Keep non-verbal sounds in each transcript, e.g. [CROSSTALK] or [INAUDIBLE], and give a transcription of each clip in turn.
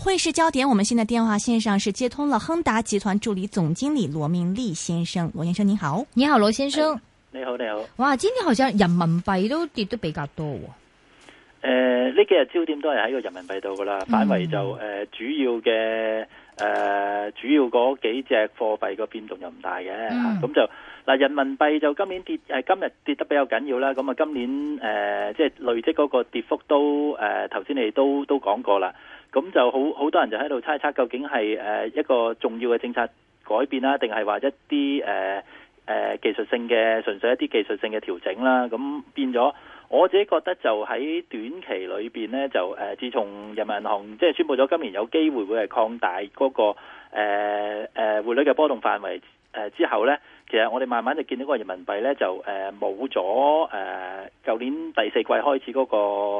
匯市焦點，我們現在電話線上是接通了亨達集團助理總經理羅明立先生。羅先生你好，你好羅先生。哎、你好你好。哇，今天好像人民幣都跌得比較多。誒、嗯，呢、呃、幾日焦點都係喺個人民幣度噶啦，範圍就誒、呃、主要嘅誒、呃、主要嗰幾隻貨幣個變動又唔大嘅，咁就嗱人民幣就今年跌誒、呃、今日跌得比較緊要啦。咁啊今年誒即係累積嗰個跌幅都誒頭先你哋都都講過啦。咁就好好多人就喺度猜測，究竟係誒、呃、一個重要嘅政策改變啦，定係話一啲誒誒技術性嘅，純粹一啲技術性嘅調整啦。咁變咗，我自己覺得就喺短期裏邊咧，就誒、呃、自從人民銀行即係、就是、宣布咗今年有機會會係擴大嗰、那個誒誒匯率嘅波動範圍誒之後咧，其實我哋慢慢就見到那個人民幣咧就誒冇咗誒舊年第四季開始嗰、那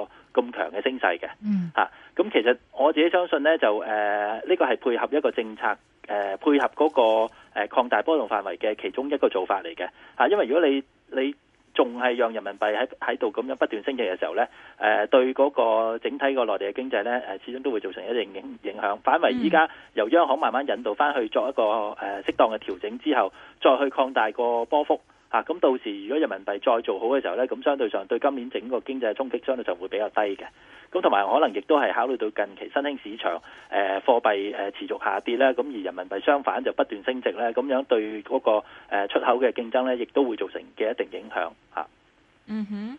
個。咁強嘅升勢嘅，嚇、嗯、咁、啊、其實我自己相信呢，就誒呢、呃這個係配合一個政策，誒、呃、配合嗰、那個誒、呃、擴大波動範圍嘅其中一個做法嚟嘅，嚇、啊、因為如果你你仲係讓人民幣喺喺度咁樣不斷升值嘅時候呢，誒、呃、對嗰個整體個內地嘅經濟呢，誒、啊、始終都會造成一定影影響，反為依家由央行慢慢引導翻去作一個誒、呃、適當嘅調整之後，再去擴大個波幅。啊，咁到時如果人民幣再做好嘅時候咧，咁相對上對今年整個經濟嘅衝擊相對就會比較低嘅。咁同埋可能亦都係考慮到近期新興市場誒、呃、貨幣誒持續下跌咧，咁、啊、而人民幣相反就不斷升值咧，咁樣對嗰個出口嘅競爭咧，亦都會造成嘅一定影響嚇、啊。嗯哼。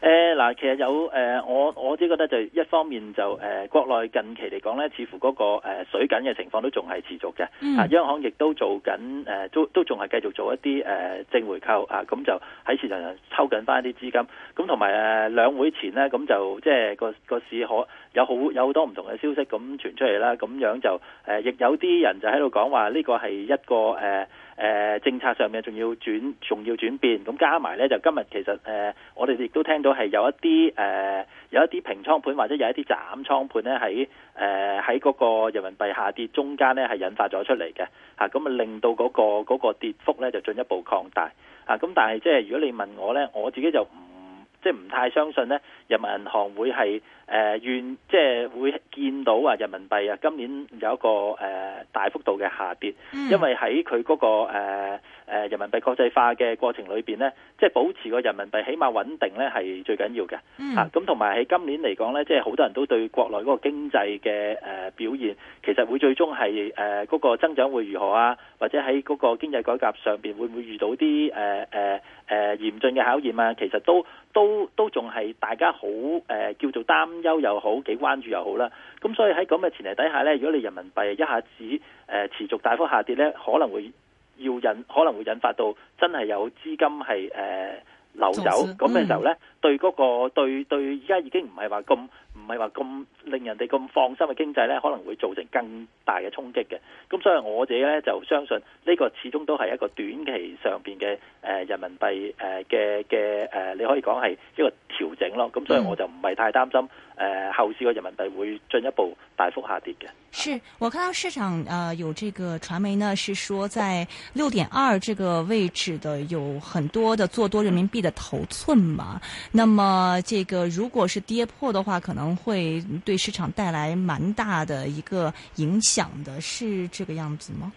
誒、呃、嗱，其實有誒、呃，我我只覺得就一方面就誒、呃，國內近期嚟講咧，似乎嗰、那個、呃、水緊嘅情況都仲係持續嘅。嗯。啊、央行亦都做緊誒、呃，都都仲係繼續做一啲誒、呃、正回購啊，咁就喺市場上抽緊返一啲資金。咁同埋誒兩會前咧，咁就即係個個市可有好有好多唔同嘅消息咁傳出嚟啦。咁樣就誒，亦、呃、有啲人就喺度講話呢個係一個誒。呃誒、呃、政策上面仲要轉，仲要轉變，咁加埋呢，就今日其實誒、呃，我哋亦都聽到係有一啲誒、呃，有一啲平倉盤或者有一啲斬倉盤呢喺誒喺嗰個人民幣下跌中間呢係引發咗出嚟嘅，吓咁啊令到嗰、那個嗰、那個跌幅呢就進一步擴大，啊咁但係即係如果你問我呢，我自己就唔即係唔太相信咧，人民銀行會係誒願即係會見到啊，人民幣啊，今年有一個誒大幅度嘅下跌，嗯、因為喺佢嗰個誒誒、呃、人民幣國際化嘅過程裏邊咧，即係保持個人民幣起碼穩定咧係最緊要嘅嚇。咁同埋喺今年嚟講咧，即係好多人都對國內嗰個經濟嘅誒表現，其實會最終係誒嗰個增長會如何啊，或者喺嗰個經濟改革上邊會唔會遇到啲誒誒誒嚴峻嘅考驗啊？其實都。都都仲係大家好、呃、叫做擔憂又好，幾關注又好啦，咁所以喺咁嘅前提底下呢，如果你人民幣一下子、呃、持續大幅下跌呢，可能會要引可能會引發到真係有資金係誒、呃、流走，咁嘅時候呢，嗯、對嗰個對對，而家已經唔係話咁。唔係話咁令人哋咁放心嘅經濟咧，可能會造成更大嘅衝擊嘅。咁所以我自己咧就相信呢個始終都係一個短期上邊嘅誒人民幣誒嘅嘅誒你可以講係一個調整咯。咁所以我就唔係太擔心誒、呃、後市嘅人民幣會進一步大幅下跌嘅。是我看到市場啊、呃、有這個傳媒呢，是說在六點二這個位置的有很多的做多人民幣的頭寸嘛。那麼這個如果是跌破的話可能。會對市場帶來蠻大的一個影響的，是這個樣子嗎？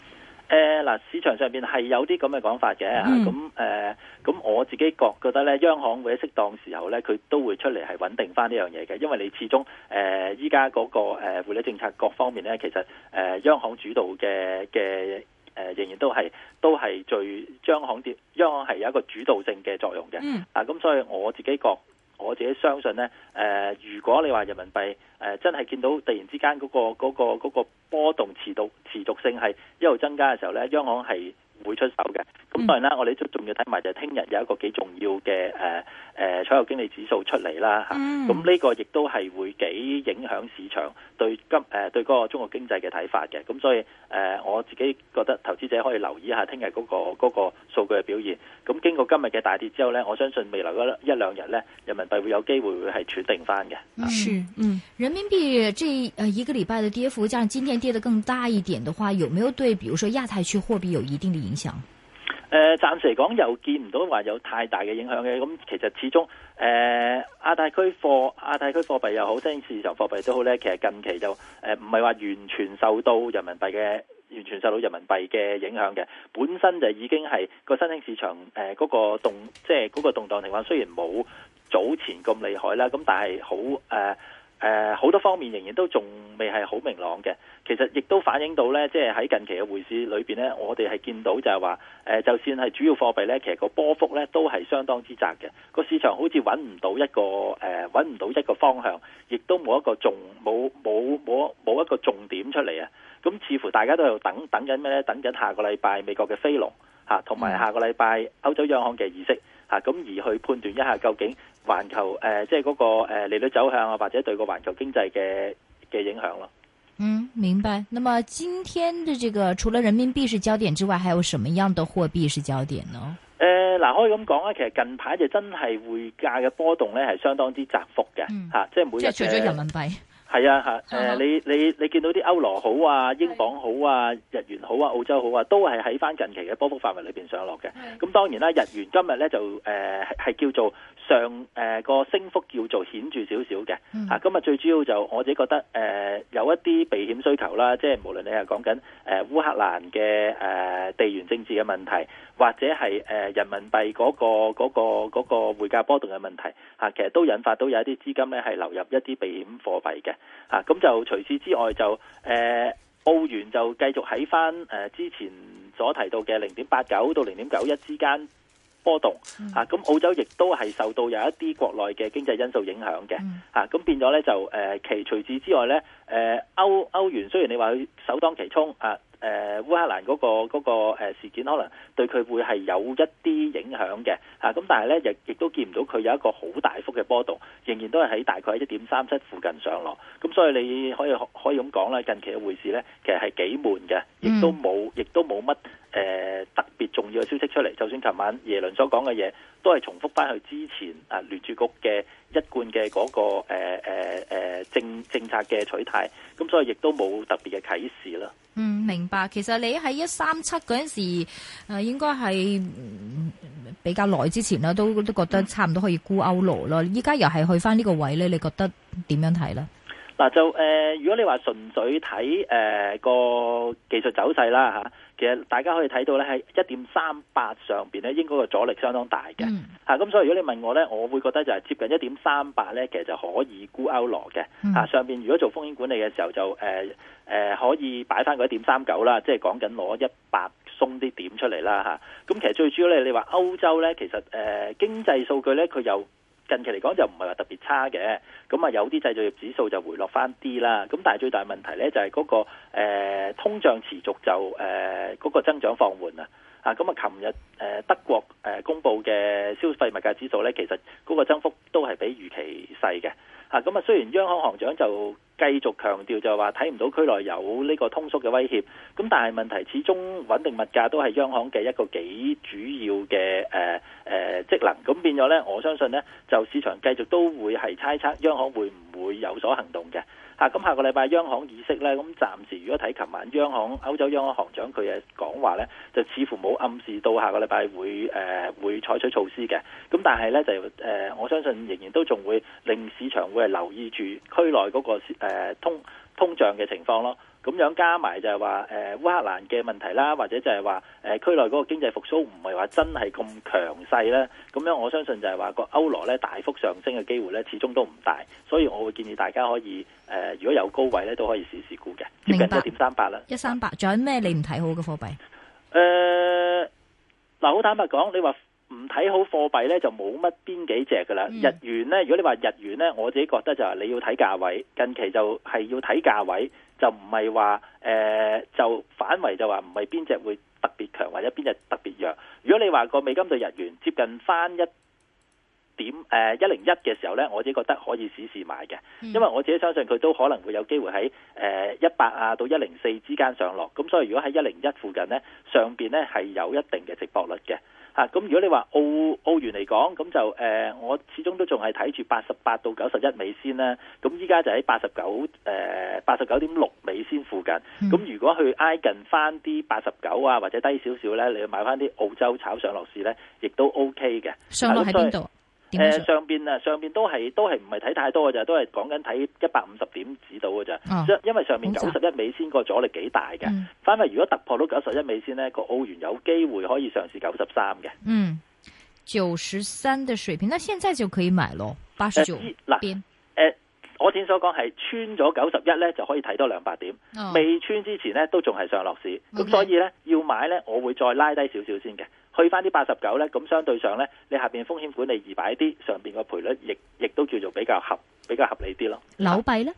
誒，嗱，市場上面係有啲咁嘅講法嘅咁誒，咁、嗯啊呃嗯、我自己覺覺得咧，央行會喺適當時候咧，佢都會出嚟係穩定翻呢樣嘢嘅，因爲你始終誒，依家嗰個誒，匯率、呃、政策各方面咧，其實誒、呃，央行主導嘅嘅誒，仍然都係都係最央行跌，央行係有一個主導性嘅作用嘅、嗯，啊，咁、嗯、所以我自己覺得。我自己相信咧，誒、呃，如果你話人民幣誒、呃、真係見到突然之間嗰個、嗰個、嗰個波動持續、持續性係一路增加嘅時候咧，央行係，會出手嘅，咁當然啦、嗯，我哋都仲要睇埋就係聽日有一個幾重要嘅誒誒採購經理指數出嚟啦嚇，咁、啊、呢、嗯這個亦都係會幾影響市場對今誒、呃、對嗰個中國經濟嘅睇法嘅，咁、啊、所以誒、呃、我自己覺得投資者可以留意一下聽日嗰個嗰、那個數據嘅表現。咁、啊、經過今日嘅大跌之後呢，我相信未來一兩日呢人民幣會有機會會係喘定返嘅。嗯，人民幣這一個禮拜嘅跌幅加上今天跌得更大一點的話，有沒有對，比如說亞太區貨幣有一定嘅影響？影響誒，暫時嚟講又見唔到話有太大嘅影響嘅，咁其實始終誒，亞太區貨、亞太區貨幣又好，新興市場貨幣都好咧，其實近期就誒唔係話完全受到人民幣嘅完全受到人民幣嘅影響嘅，本身就已經係個新興市場誒嗰個動即係嗰個動盪情況，雖然冇早前咁厲害啦，咁但係好誒。呃誒、呃、好多方面仍然都仲未係好明朗嘅，其實亦都反映到呢。即係喺近期嘅匯市裏面呢，我哋係見到就係話，誒、呃，就算係主要貨幣呢，其實個波幅呢都係相當之窄嘅，個市場好似揾唔到一個誒，揾、呃、唔到一個方向，亦都冇一個重冇冇冇冇一個重點出嚟啊！咁似乎大家都係等等緊咩呢？等緊下個禮拜美國嘅非農同埋、啊、下個禮拜歐洲央行嘅議息。啊，咁而去判斷一下究竟環球誒，即係嗰個利率走向啊，或者對個環球經濟嘅嘅影響咯。嗯，明白。那麼今天的這個除了人民幣是焦點之外，還有什麼樣的貨幣是焦點呢？誒、呃，嗱、呃，可以咁講啊，其實近排就真係匯價嘅波動咧，係相當之窄幅嘅嚇，即係每一除咗人民幣係啊、呃、你你你見到啲歐羅好啊、英鎊好啊、日元好啊、澳洲好啊，都係喺翻近期嘅波幅範圍裏面上落嘅。咁當然啦、啊，日元今日咧就誒係、呃、叫做上誒、呃、個升幅叫做顯著少少嘅。咁啊今日最主要就是、我自己覺得誒、呃、有一啲避險需求啦，即係無論你係講緊誒烏克蘭嘅誒、呃、地緣政治嘅問題，或者係誒、呃、人民幣嗰、嗰個嗰、嗰個嗰、嗰個匯、嗰個、價波動嘅問題、啊、其實都引發到有一啲資金咧係流入一啲避險貨幣嘅。啊，咁就除此之外就，誒、呃，澳元就繼續喺返誒之前所提到嘅零點八九到零點九一之間波動。啊，咁澳洲亦都係受到有一啲國內嘅經濟因素影響嘅。啊，咁變咗咧就，誒、呃，其除此之外咧，誒、呃，歐歐元雖然你話佢首當其衝，啊，誒、呃，烏克蘭嗰個嗰個誒事件可能對佢會係有一啲影響嘅。啊，咁但係咧，亦亦都見唔到佢有一個好大幅嘅波動。仍然都係喺大概喺一點三七附近上落，咁所以你可以可以咁講啦。近期嘅匯市呢，其實係幾悶嘅，亦都冇，亦都冇乜誒特別重要嘅消息出嚟。就算琴晚耶倫所講嘅嘢，都係重複翻去之前啊聯儲局嘅一貫嘅嗰、嗰個誒誒、啊啊、政政策嘅取態，咁所以亦都冇特別嘅啟示啦。嗯，明白。其實你喺一三七嗰陣時，誒、啊、應該係。比較耐之前咧，都都覺得差唔多可以沽歐羅咯。依家又係去翻呢個位咧，你覺得點樣睇呢？嗱，就誒，如果你話純粹睇誒個技術走勢啦吓，其實大家可以睇到呢，喺一點三八上邊咧，應該個阻力相當大嘅吓。咁、嗯、所以如果你問我呢，我會覺得就係接近一點三八呢，其實就可以沽歐羅嘅吓。上邊如果做風險管理嘅時候就誒誒、呃呃、可以擺翻嗰一點三九啦，即係講緊攞一百。鬆啲點出嚟啦嚇，咁、啊、其實最主要咧，你話歐洲咧，其實誒、呃、經濟數據咧，佢又近期嚟講就唔係話特別差嘅，咁啊有啲製造業指數就回落翻啲啦，咁、啊、但係最大問題咧就係、是、嗰、那個、呃、通脹持續就誒嗰、呃那個增長放緩啊。啊，咁啊，琴日誒德國誒公布嘅消費物價指數咧，其實嗰個增幅都係比預期細嘅。咁啊，雖然央行行長就繼續強調就話睇唔到區內有呢個通縮嘅威脅，咁但係問題始終穩定物價都係央行嘅一個幾主要嘅誒誒職能。咁變咗咧，我相信咧就市場繼續都會係猜測央行會唔會有所行動嘅。咁、啊、下個禮拜央行議息咧，咁暫時如果睇琴晚央行歐洲央行行長佢嘅講話咧，就似乎冇暗示到下個禮拜會誒、呃、會採取措施嘅，咁但係咧就、呃、我相信仍然都仲會令市場會留意住區內嗰、那個、呃、通通脹嘅情況咯，咁樣加埋就係話誒烏克蘭嘅問題啦，或者就係話誒區內嗰個經濟復甦唔係話真係咁強勢咧，咁樣我相信就係話個歐羅咧大幅上升嘅機會咧，始終都唔大，所以我會建議大家可以誒、呃、如果有高位咧，都可以試試沽嘅，接近一點三八啦，一三八。仲有咩你唔睇好嘅貨幣？誒、呃、嗱，好坦白講，你話。唔睇好貨幣呢，就冇乜邊幾隻噶啦、嗯。日元呢，如果你話日元呢，我自己覺得就係你要睇價位，近期就係要睇價位，就唔係話誒就反為就話唔係邊隻會特別強，或者邊隻特別弱。如果你話個美金對日元接近返一點一零一嘅時候呢，我自己覺得可以試試買嘅、嗯，因為我自己相信佢都可能會有機會喺一百啊到一零四之間上落，咁所以如果喺一零一附近呢，上面呢係有一定嘅值博率嘅。啊，咁如果你話澳澳元嚟講，咁就誒、呃，我始終都仲係睇住八十八到九十一美先啦。咁依家就喺八十九誒八十九點六美先附近。咁如果去挨近翻啲八十九啊，或者低少少咧，你去買翻啲澳洲炒上落市咧，亦都 O K 嘅。上落喺邊度？啊。誒、呃，上邊啊，上邊都係都係唔係睇太多嘅咋，都係講緊睇一百五十點指到嘅咋，因為上面九十一美仙個阻力幾大嘅。因、嗯、為如果突破到九十一美仙呢，個澳元有機會可以上試九十三嘅。嗯，九十三嘅水平，那現在就可以買咯。八十九邊，誒、呃呃，我之前所講係穿咗九十一咧，就可以睇多兩百點啊。未穿之前呢，都仲係上落市。咁、okay. 所以咧，要買咧，我會再拉低少少先嘅。去翻啲八十九咧，咁相對上咧，你下面風險管理易擺啲，上面個賠率亦亦都叫做比較合比較合理啲咯。紐幣咧，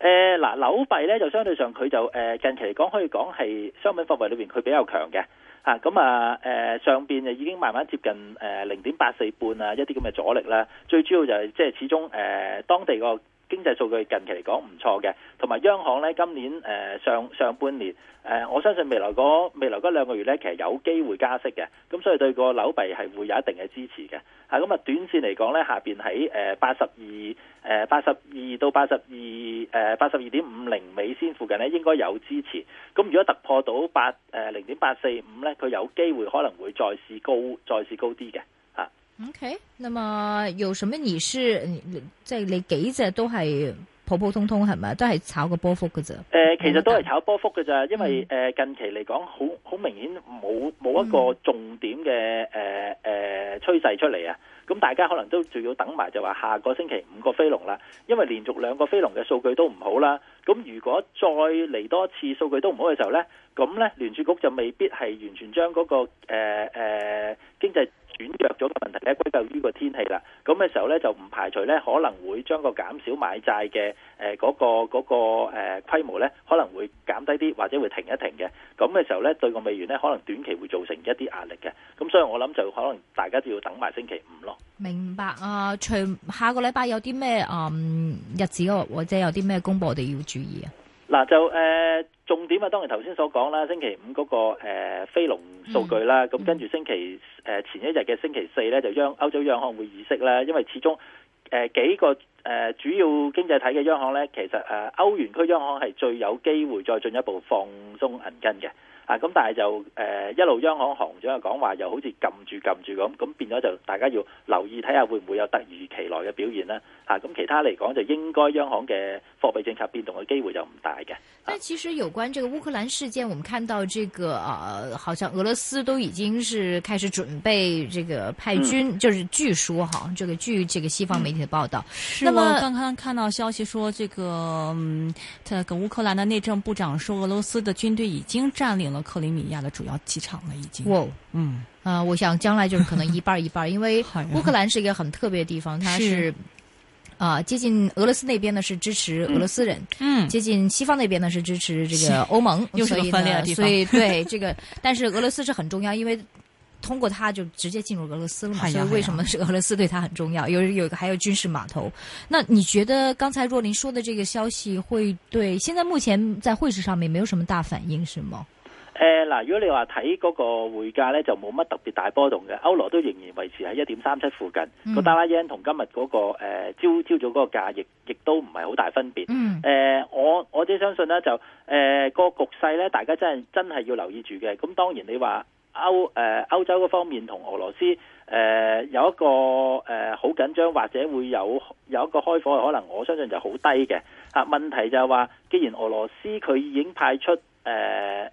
誒嗱、呃、紐幣咧就相對上佢就近期嚟講可以講係商品貨幣裏面佢比較強嘅，咁啊，上面就已經慢慢接近零點八四半啊一啲咁嘅阻力啦。最主要就係即係始終、呃、當地個。經濟數據近期嚟講唔錯嘅，同埋央行咧今年誒、呃、上上半年誒、呃，我相信未來嗰未來嗰兩個月咧，其實有機會加息嘅，咁、嗯、所以對個紐幣係會有一定嘅支持嘅。嚇，咁啊，短線嚟講咧，下邊喺誒八十二誒八十二到八十二誒八十二點五零美仙附近咧，應該有支持。咁、嗯、如果突破到八誒零點八四五咧，佢有機會可能會再試高再試高啲嘅。O、okay, K，那麼有什麼？你、就是即係你幾隻都係普普通通係咪？都係炒個波幅㗎咋。誒、呃，其實都係炒波幅㗎咋，因為誒、呃、近期嚟講，好好明顯冇冇一個重點嘅誒誒趨勢出嚟啊。咁大家可能都仲要等埋就話下個星期五個飛龍啦。因為連續兩個飛龍嘅數據都唔好啦。咁如果再嚟多一次數據都唔好嘅時候咧，咁咧聯儲局就未必係完全將嗰、那個誒誒、呃呃、經濟。轉弱咗嘅問題咧，歸咎於個天氣啦。咁嘅時候咧，就唔排除咧可能會將個減少買債嘅誒嗰個嗰、嗰個誒規、嗰個呃、模咧，可能會減低啲或者會停一停嘅。咁嘅時候咧，對個美元咧，可能短期會造成一啲壓力嘅。咁所以我諗就可能大家都要等埋星期五咯。明白啊！除下個禮拜有啲咩誒日子或者有啲咩公佈我哋要注意啊？嗱就誒。呃重點啊，當然頭先所講啦，星期五嗰、那個誒、呃、非農數據啦，咁、嗯、跟住星期誒、呃、前一日嘅星期四咧，就央歐洲央行會議息啦，因為始終誒、呃、幾個。誒、呃、主要經濟體嘅央行呢，其實誒、呃、歐元區央行係最有機會再進一步放鬆銀根嘅，啊咁但係就誒、呃、一路央行行長又講話又好似撳住撳住咁，咁變咗就大家要留意睇下會唔會有突如其來嘅表現呢咁、啊啊、其他嚟講就應該央行嘅貨幣政策變動嘅機會就唔大嘅。但、啊、其實有關這個烏克蘭事件，我們看到這個啊，好像俄羅斯都已經是開始準備這個派軍，嗯、就是據說，哈，這個據這個西方媒體嘅報道，嗯我剛剛看到消息說，這個嗯，他跟烏克蘭的內政部長說，俄羅斯的軍隊已經佔領了克里米亞的主要機場了。已經。哇嗯，啊、呃，我想將來就是可能一半一半， [LAUGHS] 因為烏克蘭是一個很特別的地方，它是，是啊，接近俄羅斯那邊呢是支持俄羅斯人，嗯，嗯接近西方那邊呢是支持這個歐盟，又是個分裂的地方，所以 [LAUGHS] 所以對這個，但是俄羅斯是很重要，因為。通過他就直接進入俄羅斯啦，所以為什麼是俄羅斯對他很重要？有有個還有軍事碼頭。那你覺得剛才若琳說的這個消息會對？現在目前在匯市上面沒有什麼大反應，是嗎？誒、呃、嗱，如果你話睇嗰個匯價咧，就冇乜特別大波動嘅，歐羅都仍然維持喺一點三七附近，嗯和那個 dollar yen 同今日嗰個誒朝朝早個價亦亦都唔係好大分別。誒、嗯呃，我我只相信咧就誒個、呃、局勢咧，大家真係真係要留意住嘅。咁當然你話。歐誒，歐洲嗰方面同俄羅斯誒、呃、有一個誒好緊張，或者會有有一個開火嘅可能，我相信就好低嘅。吓，問題就係話，既然俄羅斯佢已經派出誒、呃、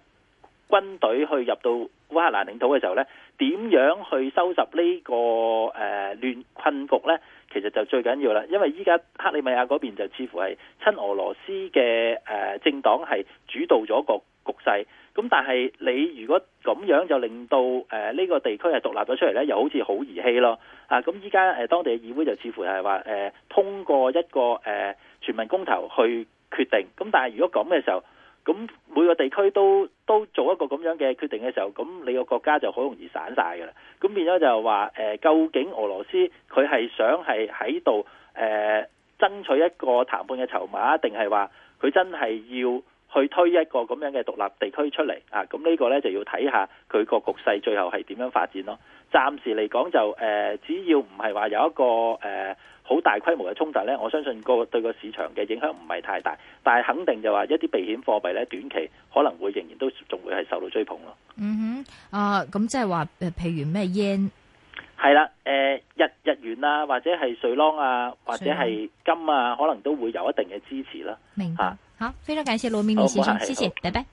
軍隊去入到烏克蘭領土嘅時候呢，點樣去收拾呢、這個誒亂、呃、困局呢？其實就最緊要啦，因為依家克里米亞嗰邊就似乎係親俄羅斯嘅誒政黨係主導咗個局勢，咁但係你如果咁樣就令到誒呢個地區係獨立咗出嚟呢，又好似好兒戲咯啊！咁依家誒當地嘅議會就似乎係話誒通過一個誒全民公投去決定，咁但係如果咁嘅時候，咁每個地區都都做一個咁樣嘅決定嘅時候，咁你個國家就好容易散晒㗎啦。咁變咗就係話、呃，究竟俄羅斯佢係想係喺度誒爭取一個談判嘅籌碼，定係話佢真係要去推一個咁樣嘅獨立地區出嚟啊？咁呢個呢，就要睇下佢個局勢最後係點樣發展咯。暫時嚟講就誒、呃，只要唔係話有一個誒，呃好大規模嘅衝突咧，我相信個對個市場嘅影響唔係太大，但係肯定就話一啲避險貨幣咧，短期可能會仍然都仲會係受到追捧咯。嗯哼，啊、呃，咁即係話譬如咩 Yen 係啦，誒、呃、日日元啦，或者係瑞郎啊，或者係、啊、金啊，可能都會有一定嘅支持啦。明白。啊、好，非常感謝羅明立先生，謝謝，拜拜。